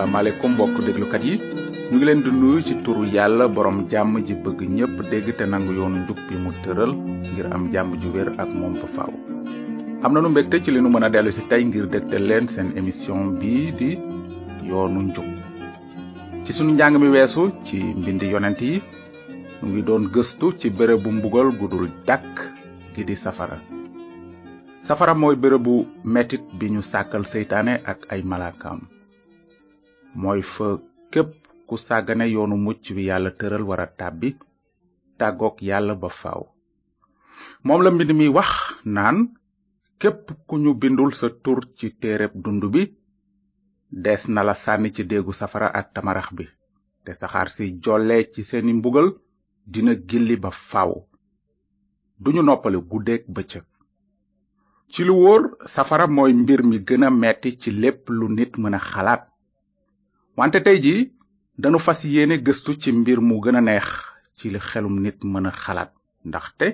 asalaamaaleykum mbokk déglukat yi ñu ngi leen di nuyu ci turu yàlla boroom jàmm ji bëgg ñépp dégg te nangu yoonu njub bi mu tëral ngir am jàmm ju wér ak moom fa am na lu mbégte ci li nu mën a dellu si tey ngir dégtal leen seen émission bii di yoonu njub ci sunu njàng mi weesu ci mbindi yonent yi nu ngi doon gëstu ci bérébu mbugal gudul dàkk gi di safara safara mooy bërëbu metit bi ñu sàkkal seytaane ak ay malaakaam mooy fa képp ku sàggane yoonu mucc bi yàlla tëral wara tàbbi tàggook yàlla ba faw moom la mbind mi wax naan képp ku ñu bindul sa tur ci téereb dund bi des na la sànni ci déggu safara ak tamarax bi te saxaar si jolle ci seeni mbugal dina gilli ba faaw duñu noppale guddeeg bëccëg ci lu wóor safara mooy mbir mi gën a metti ci lépp lu nit mën a xalaat wante tey ji danu fas yéene gëstu ci mbir mu gën a neex ci li xelum nit mën a xalaat ndaxte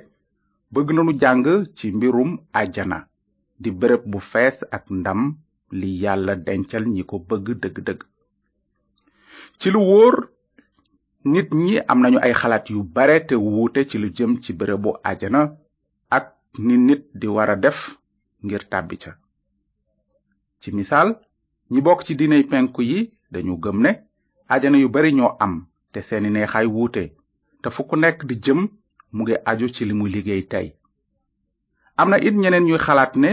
bëgg nanu jàng ci mbirum àjjana di bërëb bu fees ak ndam li yàlla dencal ñi ko bëgg dëgg-dëgg ci lu wóor nit ñi am nañu ay xalaat yu bare te wuute ci lu jëm ci bërëbu àjjana ak ni nit di war a def ngir tàbbi ca ci misaal ñi bokk ci diiney penku yi dañu gëm ne ajana yu bari ñoo am te seeni neexaay wuute te fu nekk di jëm mu ngi aju ci li liggéey tey am na it ñeneen ñuy xalaat ne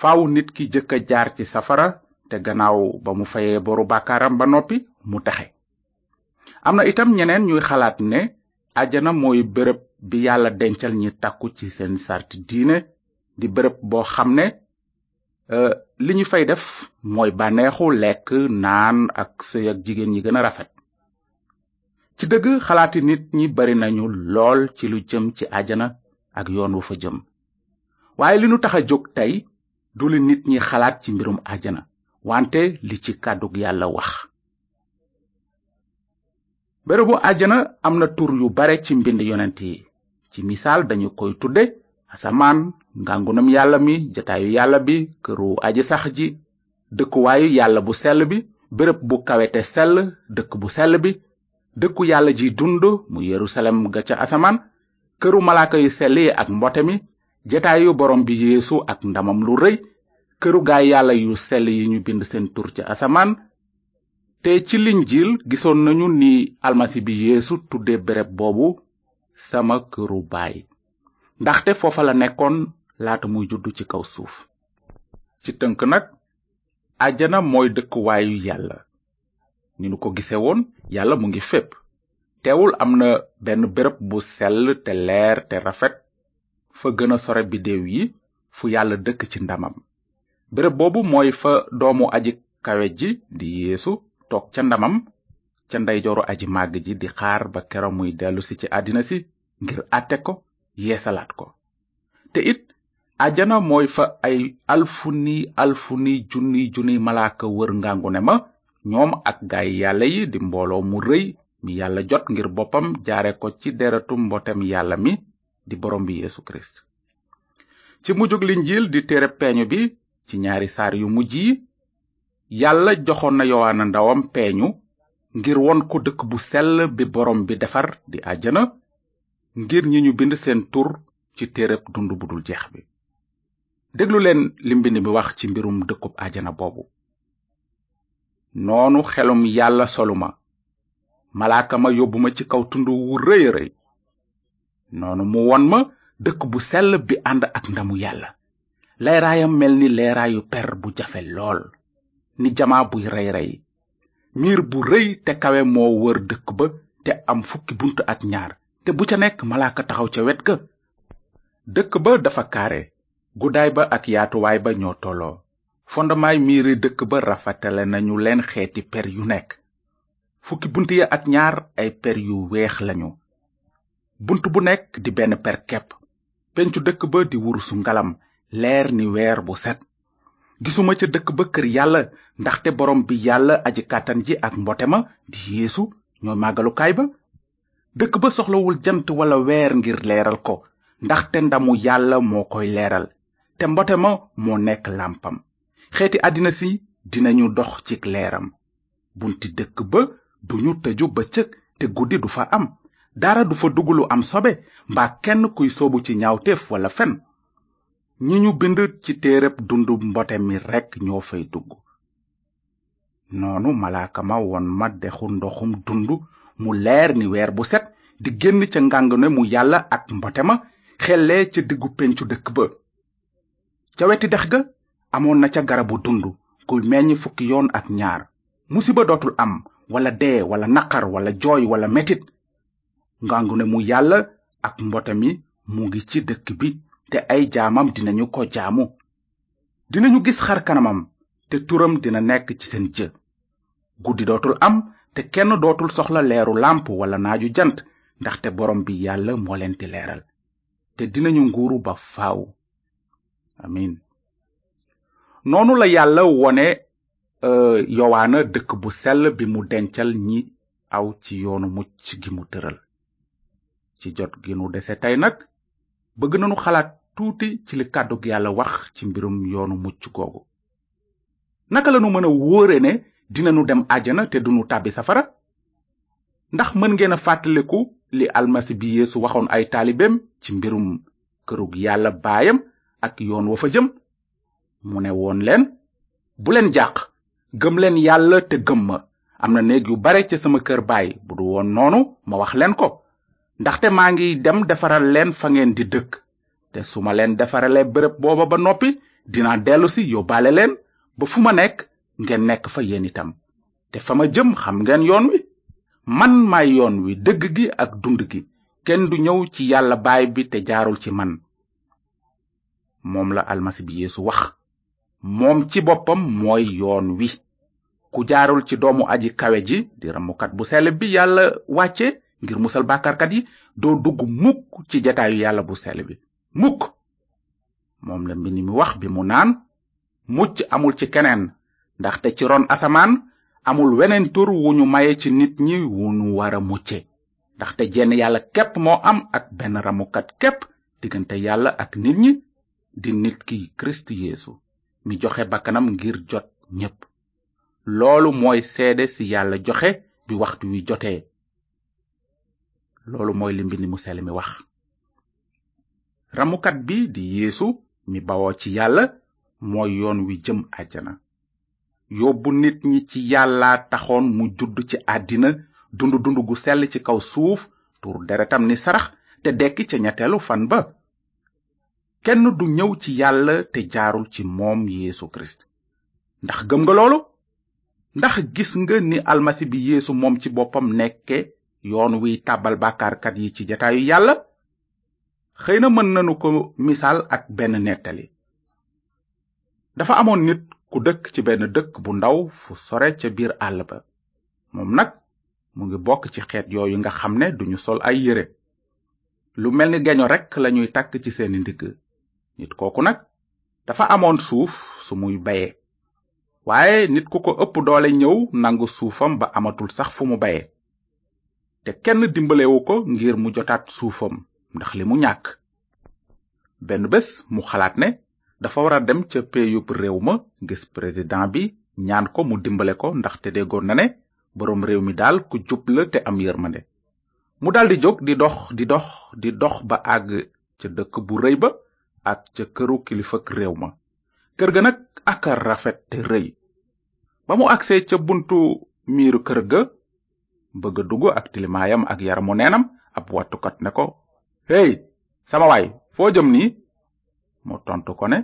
faw nit ki jëkk a jaar ci safara te gannaaw ba mu fayee boru bàkkaaram ba noppi mu taxe am na itam ñeneen ñuy xalaat ne ajana mooy bërëb bi yàlla dencal ñi takku ci seen sart diine di bërëb boo xam ne Euh, li ñu fay def mooy bànneexu lekk naan ak sëy ak jigéen ñi gën a rafet ci dëgg xalaati nit ñi bari nañu lool ci lu jëm ci àjana ak yoon wu fa jëm waaye li nu tax a jóg tey du li nit ñi xalaat ci mbirum àjana wante li ci kàddug yàlla wax bérébu àjana am na tur yu bare ci mbind yonent yi ci misaal dañu koy tudde asamaan ngangunam yàlla mi jataayu yàlla bi këru aji sax ji dëkkuwaayu yàlla bu sel bi bërëb bu kawete sel dëkk bu sell bi dëkku yàlla ji dund mu yerusalem ga ca asamaan këru malaaka yu sell yi ak mbote mi jataayu borom bi yeesu ak ndamam lu rëy këru gaay yàlla yu sell yi ñu bind seen tur ca asamaan te ci liñ linjiil gisoon nañu ni almasi bi yeesu tudde bërëb boobu sama këru baay ndaxte foofa la nekkoon laata muy judd ci kaw suuf ci tënk nag ajana mooy dëkkuwaayu yàlla ni nu ko gise woon yàlla mu ngi fépp teewul am na benn bërëb bu sell te leer te rafet fa gën a sore bidéew yi fu yàlla dëkk ci ndamam bërëb boobu mooy fa doomu aji kawe ji di yéesu toog ca ndamam ca ndeyjooru aji màgg ji di xaar ba kero muy dellusi ci àddina si ngir àtte ko yeesalaat ko te it ajana mooy fa ay alfuni alfuni junni junni malaaka wër ngangu ma ñoom ak gaay yàlla yi di mbooloo mu rëy mi yàlla jot ngir boppam jaare ko ci deretu mbotem yàlla mi di borom bi yéesu kirist ci mujjug linjiil di téere peeñu bi ci ñaari saar yu mujj yi yàlla joxoon na yowaana ndawam peeñu ngir won ko dëkk bu sell bi borom bi defar di àjjana ngir ñi ñu bind seen tur ci téereb dund bu dul jeex bi déglu leen li mbind mi wax ci mbirum dëkkub ajana boobu noonu xelum yàlla soluma malaaka ma yóbbu ma ci kaw tund wu rëy rëy noonu mu won ma dëkk bu sell bi ànd ak ndamu yàlla leeraayam mel ni leeraayu per bu jafe lool ni jamaa buy rey rey miir bu rëy te kawe moo wër dëkk ba te am fukki bunt ak ñaar te bu ca nekk malaaka taxaw ca wet ga dëkk ba dafa kaare guddaay ba ak yaatuwaay ba ñoo tolloo fondamaay miire dëkk ba rafetale nañu leen xeeti per yu nekk fukki bunt ya ak ñaar ay per yu weex lañu bunt bu nekk di benn per kepp pencu dëkk ba di wurusu ngalam leer ni weer bu set gisuma ca dëkk ba kër yàlla ndaxte borom bi yàlla aji kàttan ji ak mbote ma di yeesu ñooy màggalukaay ba dëkk ba soxlawul jant wala weer ngir leeral ko ndaxte ndamu yàlla moo koy leeral te mbote ma moo nekk làmpam xeeti àddina si dinañu dox ci leeram bunti dëkk ba duñu tëju cëk te guddi du fa am dara du fa dugg lu am sobe mba kenn kuy soobu ci ñaawteef walla fen ñi ñu bind ci téereb dundu mbote mi rekk ñoo fay dugg noonu malaaka ma won ma dexu ndoxum dund mu leer ni weer bu set di génn ca ngàngune mu yàlla ak mbote ma xellee ca diggu pencu dëkk ba ca weti dex ga amoon na ca garabu dund ku meññ fukki yoon ak ñaar musiba dootul am wala dee wala naqar wala jooy wala metit ngàngu ne mu yàlla ak mbote mi mu ngi ci dëkk bi te ay jaamam dinañu ko jaamu dinañu gis xar kanamam te turam dina nekk ci seen jë guddi dootul am te kenn dootul soxla leeru làmp wala naaju jant ndaxte borom bi yàlla moo leen di leeral te dinañu nguuru ba faw amin noonu la yàlla wone euh, yowaana dëkk bu sell bi mu dencal ñi aw ci yoonu mucc gi mu tëral ci jot gi nu dese tey nag bëgg nañu xalaat tuuti ci li kàddug yàlla wax ci mbirum yoonu mucc googu naka lanu mën a wóore ne dinanu dem àjjana te du dunu tàbbi safara ndax mën ngeen a fàttaliku li almasi bi yeesu waxoon ay taalibeem ci mbirum kërug yàlla baayam ak yoon wa fa jëm mu ne woon leen bu leen jàq gëm leen yàlla te gëm ma am na néeg yu bare ca sama kër baay bu du woon noonu ma wax leen ko ndaxte maa ngi dem defaral leen fa ngeen di dëkk te su ma leen defarale béréb booba ba noppi dinaa dellusi si leen ba fu ma nekk ngeen nekk fa yéen itam te fa ma jëm xam ngeen yoon wi man maay yoon wi dëgg gi ak dund gi kenn du ñëw ci yàlla baay bi te jaarul ci man moom la almasi bi yéesu wax moom ci boppam mooy yoon wi ku jaarul ci doomu aji kawe ji di ramukat bu sele bi yàlla wàcce ngir musal bàkkaarkat yi doo dugg mukk ci jataayu yàlla bu sell bi mukk moom la mbind mi wax bi mu naan mucc amul ci keneen ndaxte ci ron asamaan amul weneen tur wu ñu maye ci nit ñi wu ñu war a mucce ndaxte jenn yàlla képp moo am ak benn ramukat képp diggante yàlla ak nit ñi di nit ki kirist yeesu mi joxe bakkanam ngir jot ñépp loolu mooy seede si yàlla joxe bi waxtu wi jotee loolu mooy li mbind mu sell mi wax ramukat bi di yéesu mi bawoo ci yàlla mooy yoon wi jëm àjjana yóbbu nit ñi ci yàlla taxoon mu judd ci àddina dund dund gu sell ci kaw suuf tuur deretam ni sarax te dekki ca ñetteelu fan ba kenn du ñëw ci yàlla te jaarul ci moom yeesu kirist ndax gëm nga loolu ndax gis nga ni almasi bi yéesu moom ci boppam nekke yoon wiy tàbbal bàkkaarkat yi ci jataayu yàlla xëy na mën nanu ko misaal ak benn nettali dafa amoon nit ku dëkk ci benn dëkk bu ndaw fu sore ca biir àll ba moom nag mu ngi bokk ci xeet yooyu nga xam ne duñu sol ay yére lu mel ni geño rekk lañuy takk ci seeni ndigg nit kooku nag dafa amoon suuf su muy baye waaye nit ku ko ëpp doole ñëw nangu suufam ba amatul sax fu mu bayee te kenn dimbalewu ko ngir mu jotaat suufam ndax li mu ñàkk benn bés mu xalaat ne dafa war a dem ca péeyub réew ma gis président bi ñaan ko mu dimbale ko ndaxte déggoon na ne boroom réew mi daal ku jub te am ne mu dal di jóg di dox di dox di dox ba àgg ca dëkk bu rëy ba ak ca këru kilifak réew ma kër ga nag aka rafet te rëy ba mu agsee ca buntu miiru kër ga bëgg a dugg ak tilimaayam ak yaramu neenam ab wattukat ne ko sama waay foo jëm ni mu tontu ko ne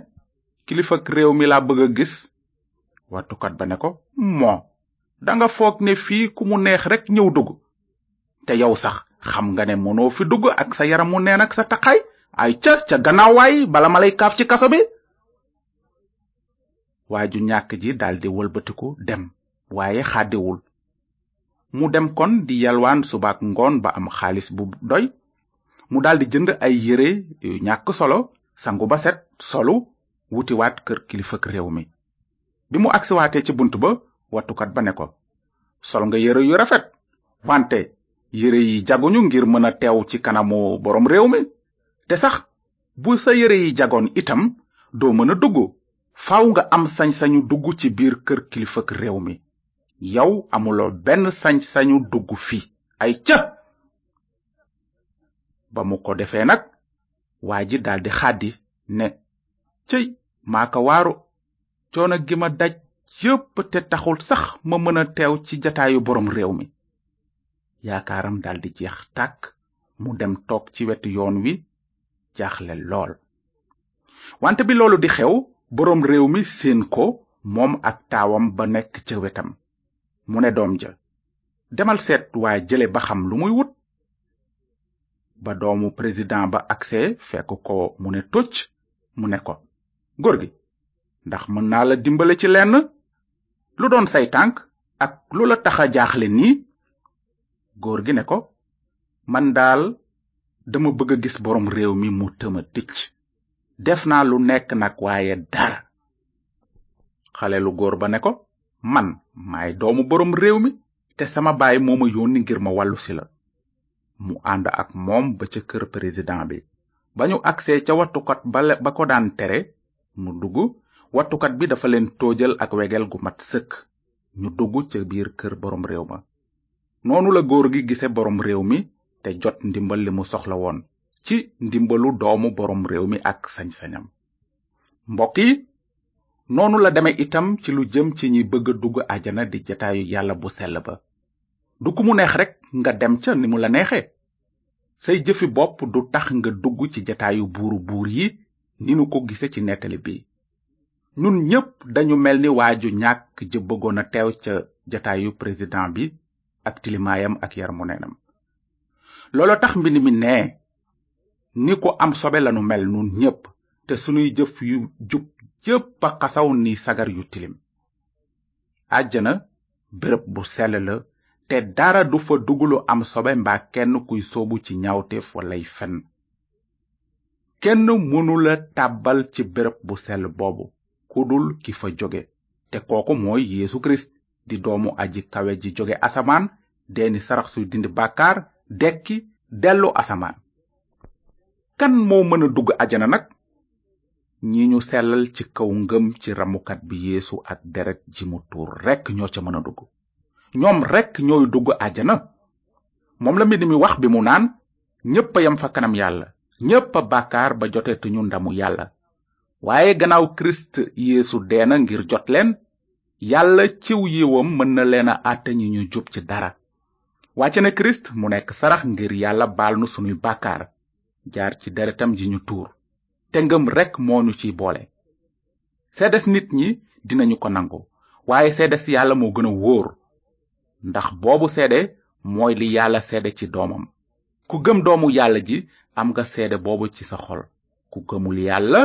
kilifak réew mi laa bëgg gis wattukat ba ne ko moo danga foog ne fii ku mu neex rek ñëw dugg te yow sax xam nga ne mënoo fi dugg ak sa yaramu neen ak sa taqaay ay ca ca gannaaw waay bala ma lay kaaf ci kaso bi waa ju ñàkk ji daldi wëlbatiku dem waaye xàddiwul mu dem kon di yalwaan subaak ngoon ba am xaalis bu doy mu daldi jënd ay yére yu ñàkk solo sangu ba set solu wutiwaat kër kilifak réew mi bimu mu agsiwaatee ci bunt ba wattukat ba ne ko sol nga yére yu rafet wante yére yi jaguñu ngir mën a teew ci kanamu boroom réew mi te sax bu sa yére yi jagoon itam doo mën a dugg faw nga am sañ-sañu dugg ci biir kër kilifak réew mi yow amuloo benn sañ-sañu dugg fii ay ca ba mu ko defee nag waa ji daldi xaddi ne cëy maa ko waaru coono gi ma daj yépp te taxul sax ma mën a teew ci jataayu boroom réew mi yaakaaram daldi jeex tàkk mu dem toog ci wetu yoon wi jaaxle lool wante bi loolu di xew boroom réew mi séen ko moom ak taawam ba nekk ca wetam mu ne doom ja demal seet waa jële ba xam lu muy wut ba doomu président ba agsee fekk ko mu ne tocc mu ne ko góor gi ndax mën naa la dimbale ci lenn lu doon say tànk ak lu la tax a jaaxle nii góor gi ne ko man daal dama bëgg a gis boroom réew mi mu tëma ticc def naa lu nekk nag waaye dara xale lu góor ba ne ko man may doomu boroom réew mi te sama baay moo ma yónni ngir ma wàllu si la mu ànd ak moom ba ca kër président bi ba ñu agsee ca wattukat bale ba ko daan tere mu dugg wattukat bi dafa leen tóojal ak wegel gu mat sëkk ñu dugg ca biir kër boroom réew ma noonu la góor gi gisee boroom réew mi te jot ndimbal li mu soxla woon ci ndimbalu doomu boroom réew mi ak sañ-sañam mbokk yi noonu la deme itam ci lu jëm ci ñuy bëgg dugg ajana di jataayu yàlla bu sell ba du ku mu neex rek nga dem ca ni mu la neexe say jëfi bopp du tax nga dugg ci jataayu buur buur yi ni nu ko gise ci nettali bi ñun ñépp dañu mel ni waaju ñàkk ja bëggoon a teew ca jataayu président bi ak tilimaayam ak yarmu nenam looloo tax mbind mi ne ni ko am sobe lanu mel nun ñépp te sunuy jëf yu jub yépp a xasaw ni sagar yu tilim àjjana bërëb bu sell la te dara du fa dugg lu am sobe mbaa kenn kuy soobu ci ñaawteef walay fen kenn mënula tàbbal ci bërëb bu sell boobu ku dul ki fa jóge te kooku mooy yeesu kirist di doomu aji kawe ji jóge asamaan deeni sarax suy dindi bàkkaar dekki dellu asamaan kan moo mën a dugg ajana nag ñi ñu sellal ci kaw ngëm ci ramukat bi yéesu ak deret ji mu tuur rekk ñoo ca mën a dugg ñoom rekk ñooy dugg ajana moom la mbind mi wax bi mu naan ñépp a yam fa kanam yàlla ñépp a bàkkaar ba joteetuñu ndamu yàlla waaye gannaaw kirist yeesu dee ngir jot leen yàlla ciw yiwam mën na leen a àtte ñu jub ci dara wàcce na kirist mu nekk sarax ngir yàlla baal nu sunuy bàkkaar jaar ci deretam ji ñu tuur te ngëm rekk moo ñu ci boole seedes nit ñi dinañu ko nangu waaye seedes yàlla moo gën a wóor ndax boobu seede mooy li yàlla seede ci doomam ku gëm doomu yàlla ji am nga seede boobu ci sa xol ku gëmul yàlla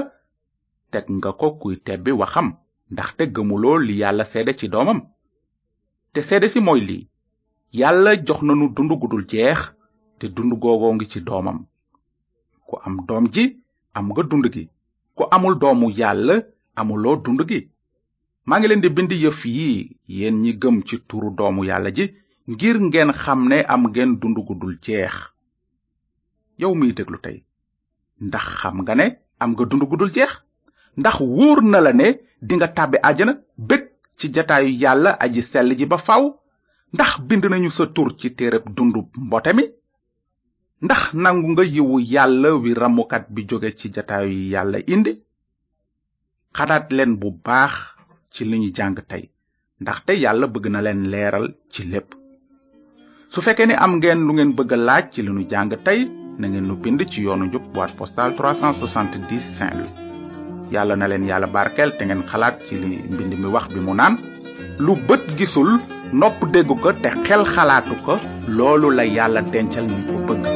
teg nga ko kuy tebbi waxam ndaxte gëmuloo li yàlla seede ci doomam te seede si mooy lii yàlla jox nanu dund gudul jeex te dund googoo ngi ci doomam ku am doom ji am nga dund gi ku amul doomu yàlla amuloo dund gi maa ngi leen di bind yëf yi yéen ñi gëm ci turu doomu yàlla ji ngir ngeen xam ne am ngeen dund gudul jeex yow miy déglu tey ndax xam nga ne am nga dund gudul jeex ndax wóor na la ne dinga tàbbi àjjana bég ci jataayu yàlla aji sell ji ba faw ndax bind nañu sa tur ci téereb dundub mbote mi ndax nangu nga yiwu yàlla wi ramukat bi jóge ci jataayu yàlla indi xalaat leen bu baax ci li ñu jàng tey ndaxte yàlla bëgg na leen leeral ci lépp su fekkee ni am ngeen lu ngeen bëgg laaj ci li ñu jàng tey na ngeen nu bind ci yoonu njub boîte postale 370 Saint-Louis yàlla na leen yàlla barkeel te ngeen xalaat ci li mbind mi wax bi mu naan lu bët gisul nopp déggu ko te xel xalaatu ko loolu la yàlla dencal ñi ko bëgg